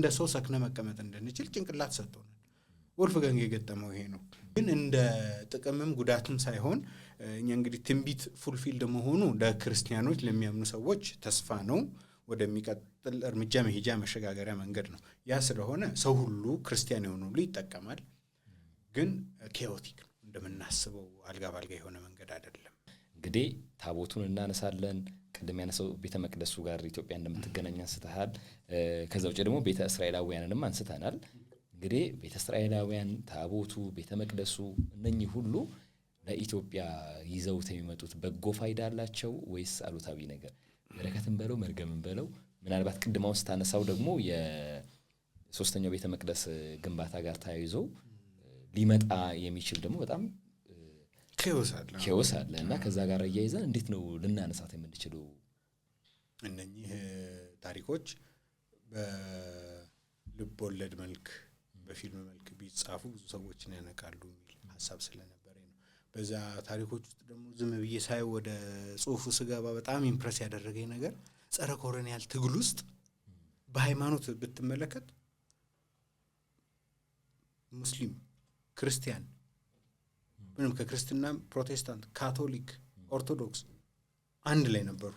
እንደ ሰው ሰክነ መቀመጥ እንድንችል ጭንቅላት ሰጥቶናል። ወልፍጋንግ የገጠመው ይሄ ነው። ግን እንደ ጥቅምም ጉዳትም ሳይሆን እኛ እንግዲህ ትንቢት ፉልፊልድ መሆኑ ለክርስቲያኖች ለሚያምኑ ሰዎች ተስፋ ነው፣ ወደሚቀጥል እርምጃ መሄጃ መሸጋገሪያ መንገድ ነው። ያ ስለሆነ ሰው ሁሉ ክርስቲያን የሆኑ ሁሉ ይጠቀማል። ግን ኬዮቲክ ነው እንደምናስበው አልጋ ባልጋ የሆነ መንገድ አይደለም። እንግዲህ ታቦቱን እናነሳለን ቅድም ያነሳው ቤተ መቅደሱ ጋር ኢትዮጵያ እንደምትገናኝ አንስተሃል። ከዛ ውጭ ደግሞ ቤተ እስራኤላውያንንም አንስተናል። እንግዲህ ቤተ እስራኤላውያን፣ ታቦቱ፣ ቤተ መቅደሱ እነኚህ ሁሉ ለኢትዮጵያ ይዘውት የሚመጡት በጎ ፋይዳ አላቸው ወይስ አሉታዊ ነገር? በረከትን በለው መርገምን በለው ምናልባት ቅድማውን ስታነሳው ደግሞ የሶስተኛው ቤተ መቅደስ ግንባታ ጋር ተያይዞ ሊመጣ የሚችል ደግሞ በጣም ኬዎስ አለ እና ከዛ ጋር እያይዘን እንዴት ነው ልናነሳት የምንችለው? እነኚህ ታሪኮች በልብ ወለድ መልክ በፊልም መልክ ቢጻፉ ብዙ ሰዎችን ያነቃሉ የሚል ሀሳብ ስለነበረ ነው። በዛ ታሪኮች ውስጥ ደግሞ ዝም ብዬ ሳይ ወደ ጽሁፉ ስገባ በጣም ኢምፕረስ ያደረገኝ ነገር ጸረ ኮሎኒያል ትግል ውስጥ በሃይማኖት ብትመለከት ሙስሊም ክርስቲያን ምንም ከክርስትናም ፕሮቴስታንት፣ ካቶሊክ፣ ኦርቶዶክስ አንድ ላይ ነበሩ።